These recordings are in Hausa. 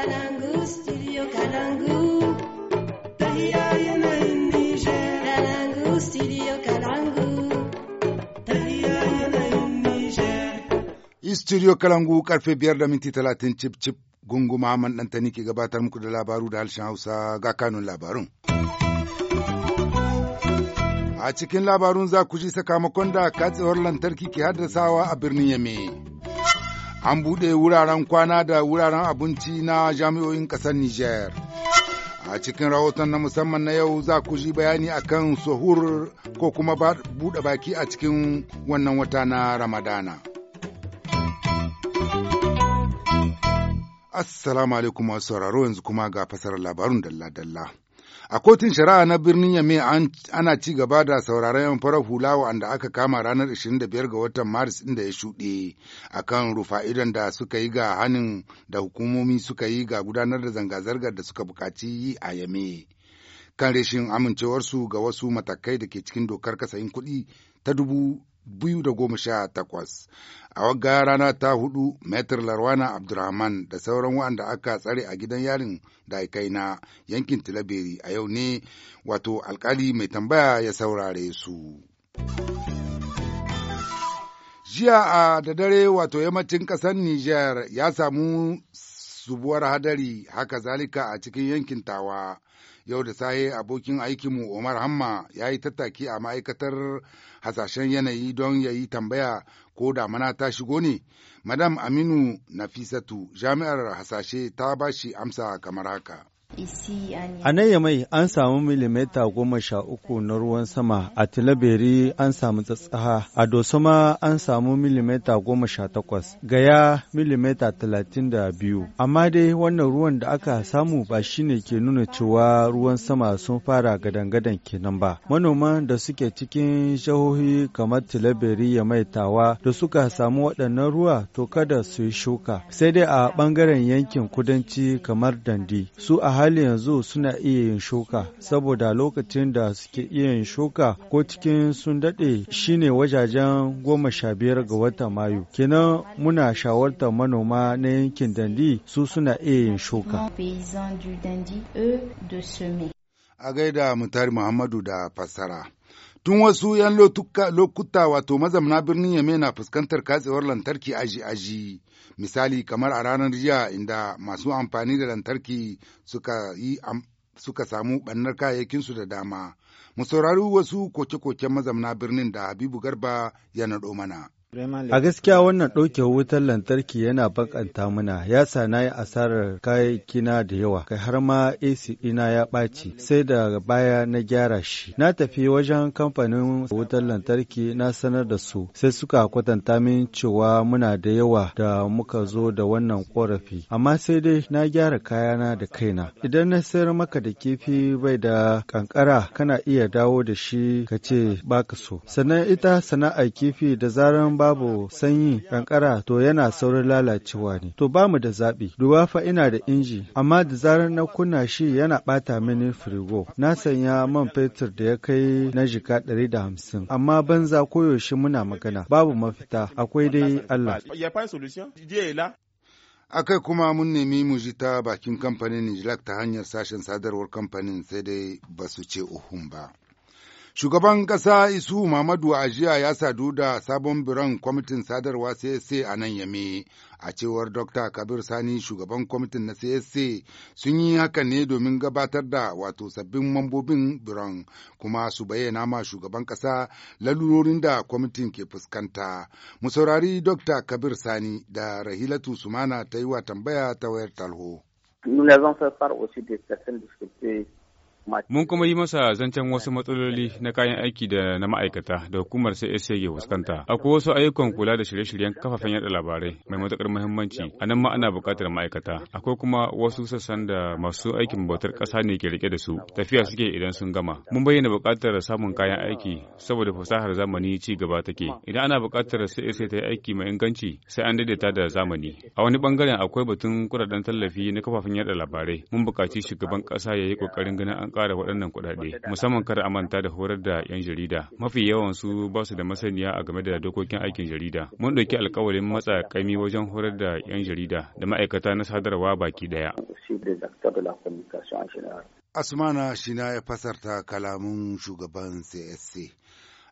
Kalangu, studio Kalangu. karfe biyar da minti talatin cip cip gungu Muhammad Dantani ke gabatar muku da labaru da harshen Hausa ga kanun labarun. A cikin labarun za ku ji sakamakon da katsewar lantarki ke haddasawa a birnin Yame. an buɗe wuraren kwana da wuraren abinci na jami'o'in ƙasar Nijar. A cikin rahoton na musamman na yau za ku ji bayani akan suhur ko kuma buɗe baki a cikin wannan wata na Ramadana. Assalamu alaikum sauraro yanzu kuma ga fasarar labarun dalla-dalla. A kotun shari'a na birnin Yame ana ci gaba da sauraron yan farar hula wanda aka kama ranar 25 ga watan Maris inda ya shuɗe a kan rufa'idan da suka yi ga hannun da hukumomi suka yi ga gudanar da zanga-zangar da suka bukaci yi a Yame. Kan rashin amincewarsu ga wasu matakai da ke cikin dokar kasayin kuɗi ta dubu biyu da goma sha takwas. A wagga rana ta hudu, Metar Larwana Abdurrahman da sauran wanda aka tsare a gidan yarin da kai na yankin Tilaberi a yau ne wato alkali mai tambaya ya saurare su. Jiya a da dare wato yammacin ƙasar Nijar ya samu zubuwar hadari haka zalika a cikin yankin tawa. Yau da sahe abokin aikinmu Omar Hamma ya yi tattaki a ma'aikatar hasashen yanayi don ya yi tambaya ko damana ta shigo ne. Madam Aminu Nafisatu jami'ar hasashe ta bashi amsa kamar haka. A nan Yamai an samu milimita goma sha uku na ruwan sama, a Tilaberi an samu tsatsaha, a Dosoma an samu milimeta goma sha takwas, Gaya milimita talatin da biyu. Amma dai wannan ruwan da aka samu ba shi ne ke nuna cewa ruwan sama sun fara gadan-gadan kenan ba. Manoman da suke cikin jihohi kamar Tilaberi Yamai Tawa da suka samu waɗannan ruwa to kada su yi shuka. Sai dai a ɓangaren yankin kudanci kamar Dandi, su a hali yanzu suna iya yin shuka saboda lokacin da suke iya yin shuka ko cikin sun daɗe shine wajajen goma sha biyar ga wata mayu kenan muna shawartar manoma na yankin dandi su suna iya yin shuka a gaida mutari muhammadu da fassara tun wasu 'yan lokuta wato mazamna birnin yame na fuskantar katsewar lantarki aji-aji misali kamar a ranar jiya inda masu amfani da lantarki suka yi suka samu ɓannar kayayyakinsu da dama. Mu saurari wasu koke-koken mazamna birnin da Habibu Garba ya naɗo mana. A gaskiya wannan ɗauke wutar lantarki yana bakanta mana ya sa na yi asarar kayayyakina da yawa kai har ma AC ɗina ya ɓaci sai da baya na gyara shi. Na tafi wajen kamfanin wutar lantarki na sanar da su sai suka kwatanta min cewa muna da yawa da muka zo da wannan ƙorafi. Amma sai dai na gyara kayana da kaina. Idan na sayar maka da kifi bai da kankara kana iya dawo da shi ka ce baka so. Sannan ita sana'ar kifi da zaran babu sanyi kankara to yana saurin lalacewa ne. To ba mu da zaɓi. Duba fa ina da inji amma da zarar na kunna shi yana ɓata mini firigo. Na sanya man fetur da ya kai na jika ɗari da hamsin. Amma banza koyaushe muna magana babu mafita akwai dai Allah. a kuma mun nemi mu ji ta bakin kamfanin nijilak ta hanyar sashen sadarwar kamfanin sai dai ba su ce uhun ba. Shugaban ƙasa Isu Muhammadu a ya sadu da sabon biran kwamitin sadarwa CSC a nan yame. A cewar Dr. Kabir Sani shugaban kwamitin na CSC sun yi haka ne domin gabatar da wato sabbin mambobin biran kuma su bayyana ma shugaban ƙasa lalurorin da kwamitin ke fuskanta. Mu saurari Dr. Kabir Sani da Rahilatu Sumana ta yi wa tambaya ta wayar talho. Mun kuma yi masa zancen wasu matsaloli na kayan aiki da na ma'aikata da hukumar ya ke fuskanta. Akwai wasu ayyukan kula da shirye-shiryen kafafen yada labarai mai matukar muhimmanci. A nan ma ana buƙatar ma'aikata. Akwai kuma wasu sassan da masu aikin bautar ƙasa ne ke rike da su. Tafiya suke idan sun gama. Mun bayyana buƙatar samun kayan aiki saboda fasahar zamani ci gaba take. Idan ana buƙatar ya ta yi aiki mai inganci sai an daidaita da zamani. A wani bangaren akwai batun kuɗaɗen tallafi na kafafen yada labarai. Mun buƙaci shugaban ƙasa ya yi ƙoƙarin ganin an ƙara waɗannan kuɗaɗe musamman kar a manta da horar da 'yan jarida mafi yawan su ba su da masaniya a game da dokokin aikin jarida mun ɗauki alkawarin matsa ƙaimi wajen horar da 'yan jarida da ma'aikata na sadarwa baki ɗaya. Asmana Shina ya fasarta kalamun shugaban CSC.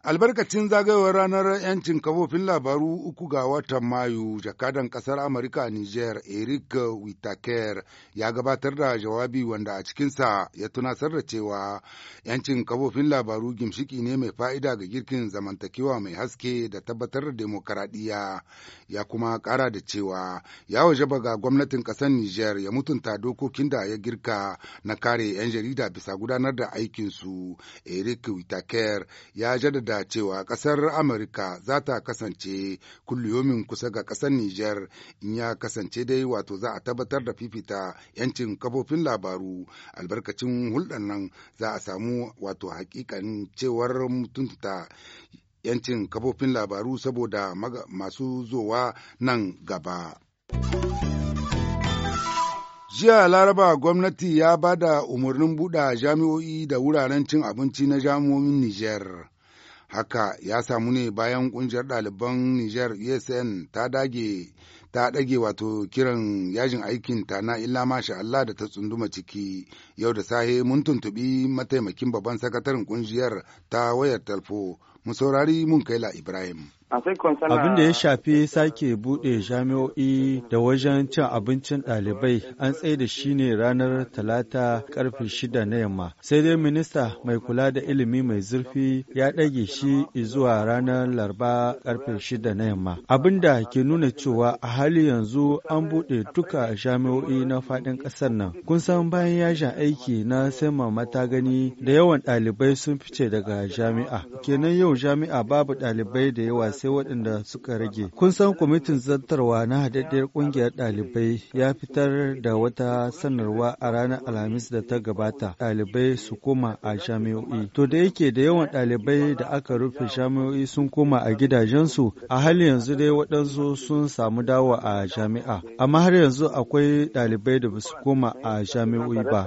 albarkacin zagayowar ranar 'yancin kafofin labaru uku ga watan mayu jakadan ƙasar amurka a niger eric whitaker ya gabatar da jawabi wanda a cikinsa ya tunasar da cewa 'yancin kafofin labaru gimshiki ne mai fa'ida ga girkin zamantakewa mai haske da tabbatar da demokaradiyya ya kuma kara da cewa ya waje ga gwamnatin ƙasar Nijar ya mutunta dokokin da ya girka na kare 'yan jarida bisa gudanar da aikinsu eric whitaker ya jaddada da cewa ƙasar Amurka za ta kasance kulliyomin kusa ga ƙasar niger in ya kasance dai wato za a tabbatar da fifita 'yancin kafofin labaru albarkacin hulɗar nan za a samu wato hakikan cewar mutunta yancin kafofin labaru saboda masu zowa nan gaba. Jiya Laraba gwamnati ya ba da umarnin buɗe jami'o'i da wuraren cin abinci na jami'o'in niger. haka ya samu ne bayan kungiyar ɗaliban Nijar USN ta dage ta ɗage wato kiran yajin aikin ta na illa masha Allah da ta tsunduma ciki yau da sahe mun tuntubi mataimakin babban sakataren kungiyar ta wayar talfo mu saurari mun kaila Ibrahim. Abin da ya shafi sake buɗe jami'o'i da wajen cin abincin ɗalibai an tsaye da shi ne ranar talata karfe shida na yamma. Sai dai minista mai kula da ilimi mai zurfi ya ɗage shi zuwa ranar larba karfe shida na yamma. Abin da ke nuna cewa a hali yanzu an buɗe duka jami'o'i na faɗin ƙasar nan. Kun san bayan yajin aiki na sai mata gani da yawan ɗalibai sun fice daga jami'a. Kenan yau jami'a babu ɗalibai da yawa sai waɗanda suka rage. Kun san kwamitin zartarwa na haɗaɗɗiyar ƙungiyar ɗalibai ya fitar da wata sanarwa a ranar Alhamis da ta gabata ɗalibai su koma a jami'o'i. To da yake da yawan ɗalibai da aka rufe jami'o'i sun koma a gidajensu a hali yanzu dai waɗansu sun samu dawo a jami'a. Amma har yanzu akwai ɗalibai da ba koma a jami'o'i ba.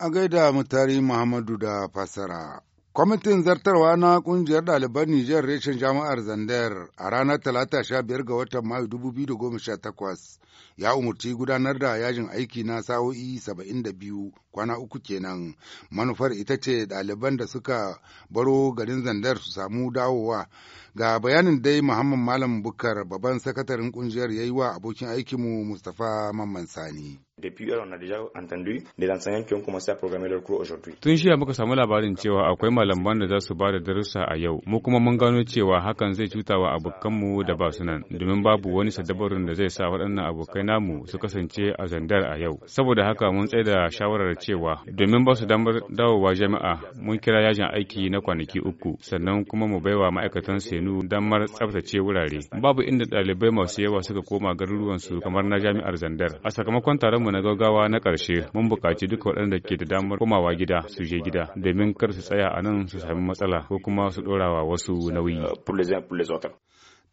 A gaida mutari Muhammadu da fasara. Kwamitin zartarwa na kungiyar ɗaliban Nijar reshen jami'ar Zandar a ranar talata sha biyar ga watan Mayu dubu biyu da goma sha takwas ya umurci gudanar da yajin aiki na sa'o'i saba'in da biyu kwana uku kenan. Manufar ita ce ɗaliban da suka baro garin Zandar su samu dawowa. Ga bayanin dai Muhammad Malam Bukar babban sakataren kungiyar ya yi wa abokin aikinmu Mustapha Mamman Sani. Depuis on a déjà entendu des enseignants qui ont commencé à programmer leur cours aujourd'hui. Tun shi muka samu labarin cewa akwai malaman da za su ba da darussa a yau. Mu kuma mun gano cewa hakan zai cuta wa abokanmu da ba su nan, domin babu wani sadabarin da zai sa waɗannan abokai namu su kasance a zandar a yau. Saboda haka mun tsaye da shawarar cewa domin ba su damar dawowa jami'a mun kira yajin aiki na kwanaki uku sannan kuma mu baiwa ma'aikatan senu damar tsaftace wurare. Babu inda ɗalibai masu yawa suka koma garuruwansu kamar na jami'ar zandar. A sakamakon taron mu na gaggawa na ƙarshe mun buƙaci duka waɗanda ke da damar komawa gida su je gida domin kar su tsaya a nan su sami matsala ko kuma su ɗorawa wasu nauyi.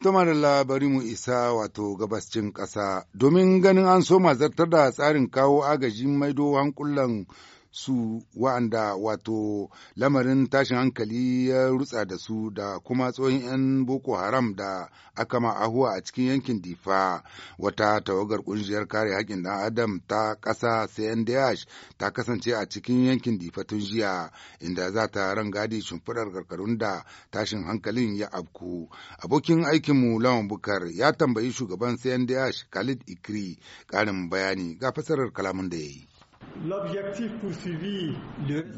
Tuma da labari mu isa wato gabascin ƙasa domin ganin an so mazartar da tsarin kawo agajin maido hankulan su wa'anda wato lamarin tashin hankali ya rutsa da su da kuma tsohon 'yan boko haram da aka ahuwa a cikin yankin difa wata tawagar kungiyar kare haƙƙin dan adam ta ƙasa cndh ta kasance a cikin yankin difa tun jiya inda za ta rangadi shimfiɗar karkarun da tashin hankalin ya afku abokin aikinmu lawan bukar ya tambayi shugaban cndh khalid ikri ƙarin bayani ga fasarar kalamun da ya yi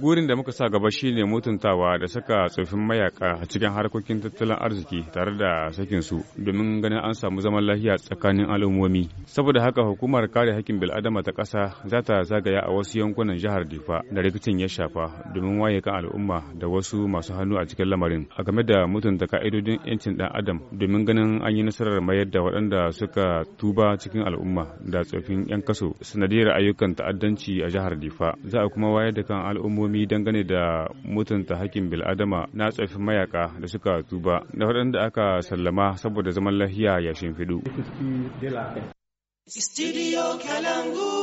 Burin da muka sa gaba shine mutuntawa da saka tsofin mayaka a cikin harkokin tattalin arziki tare da sakin su domin ganin an samu zaman lafiya tsakanin al'ummomi. Saboda haka hukumar kare hakkin bil'adama ta ƙasa za ta zagaya a wasu yankunan jihar Difa da rikicin ya shafa domin waye kan al'umma da wasu masu hannu a cikin lamarin a game da mutunta ka'idodin 'yancin ɗan adam domin ganin an yi nasarar mayar da waɗanda suka tuba cikin al'umma da tsofin 'yan kaso sanadiyar ayyukan ta'addanci a jihar Difa. Za a kuma wayar da kan al'ummomi dangane da mutunta hakkin bil'adama na tsofin mayaka da suka tuba da waɗanda aka sallama saboda zaman lafiya ya shimfiɗu. Studio Kalangu.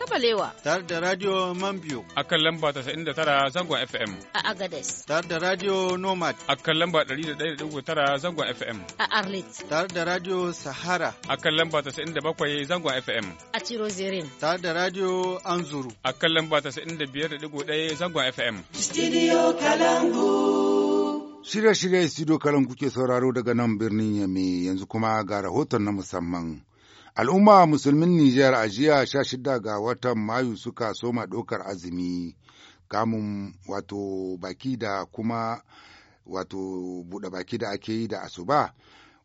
Kabalewa. Tare da Radio Mambio. A kan lamba tara zangon FM. A Agades. Tare da Radio Nomad. A kan lamba tara zangon FM. A Arlit. Tare da Radio Sahara. A kan lamba bakwai zangon FM. A Tirozirin. Tare da Radio Anzuru. A kan lamba biyar 95.1 zangon FM. Studio Kalangu. shirye shirya Studio Kalangu ke sauraro daga nan birnin Yame yanzu kuma ga rahoton na musamman. Al'umma musulmin Nijar a jiya sha shida ga watan Mayu suka soma ɗaukar azumi, kamun wato baki da kuma wato buɗe baki da ake yi da asuba.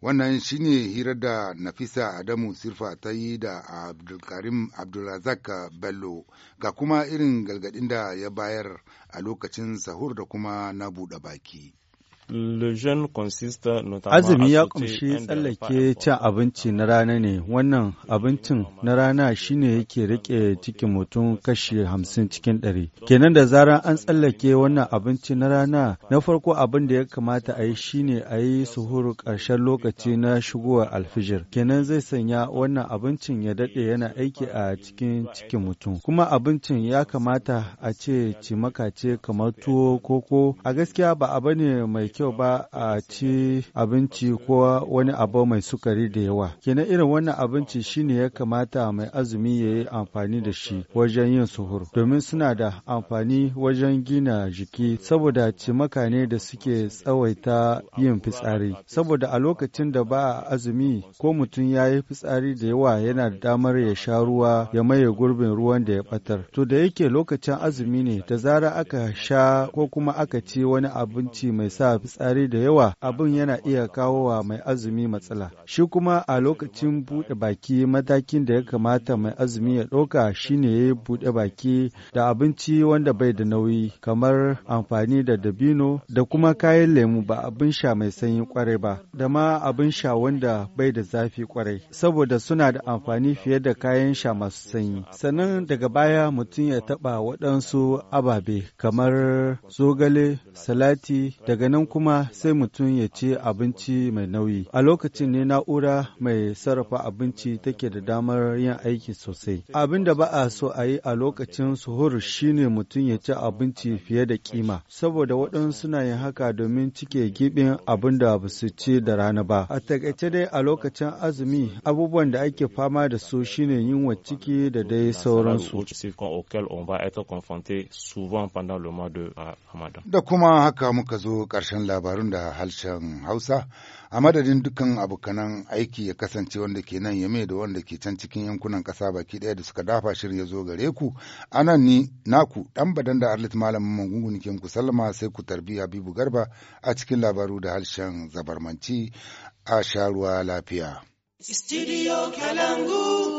Wannan shine ne hirar da Nafisa Adamu Sirfa ta yi da Abdulkarim Abdulrazak Bello ga kuma irin galgadin da ya bayar a lokacin sahur da kuma na buɗe baki. Azumi ya kumshi tsallake cin abinci na rana ne, wannan abincin na rana shine yake rike cikin mutum kashi hamsin cikin ɗari. Kenan da zarar an tsallake wannan abinci na rana, na farko abin da ya kamata a yi shine a yi suhuru ƙarshen lokaci na shigowar alfijir. Kenan zai sanya wannan abincin ya daɗe yana aiki a cikin cikin mutum. Kuma abincin ya kamata a ce cimaka ce kamar tuwo koko, a gaskiya ba abu ne mai kyau ba a ci abinci ko wani abu mai sukari da yawa. Kenan irin wannan abinci shine ya kamata mai azumi ya yi amfani da shi wajen yin suhur, domin suna da amfani wajen gina jiki saboda cimaka ne da suke tsawaita yin fitsari. Saboda a lokacin da ba a azumi ko mutum ya yi fitsari da yawa yana da damar ya sha ruwa ya maye gurbin ruwan da ya batar. To da yake lokacin azumi ne da zara aka sha ko kuma aka ci wani abinci mai sa mafitsari da yawa abin yana iya kawo wa mai azumi matsala. Shi kuma a lokacin buɗe baki matakin da ya kamata mai azumi ya ɗauka shine ya buɗe baki da abinci wanda bai da nauyi kamar amfani da dabino da kuma kayan lemu ba abin sha mai sanyi kwarai ba da ma abin sha wanda bai da zafi kwarai saboda suna da amfani fiye da kayan sha masu sanyi. Sannan daga baya mutum ya taɓa waɗansu ababe kamar zogale, salati daga nan kuma sai mutum ya ci abinci mai nauyi. A lokacin ne na'ura mai sarrafa abinci take da damar yin aiki sosai. Abin da ba a so a yi a lokacin suhur shine mutum ya ci abinci fiye da kima, saboda waɗansu suna yin haka domin cike giɓin abin da ba su ci da rana ba. A takaice dai a lokacin azumi abubuwan da ake fama da su shine wa ciki da dai sauransu. Euh, da kuma haka muka zo ƙarshen labarun da harshen Hausa, a madadin dukkan abokanan aiki ya kasance wanda ke nan yame da wanda ke can cikin yankunan ƙasa baki ɗaya da suka dafa shirin ya zo gare ku, anan ni naku ɗan badan da Arlit Malamin Mangungun ke ku sallama sai ku tarbi Habibu Garba a cikin labaru da harshen zabarmanci a sharuwa lafiya.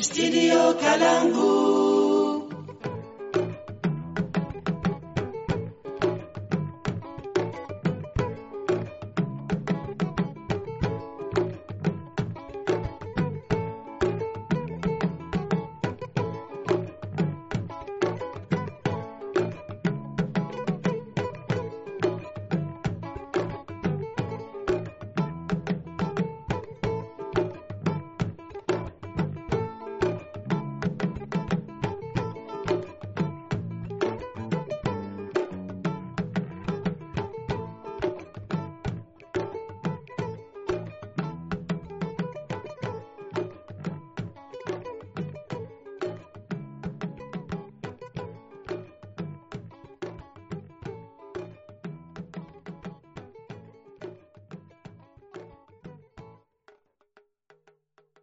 Studio Kalangu.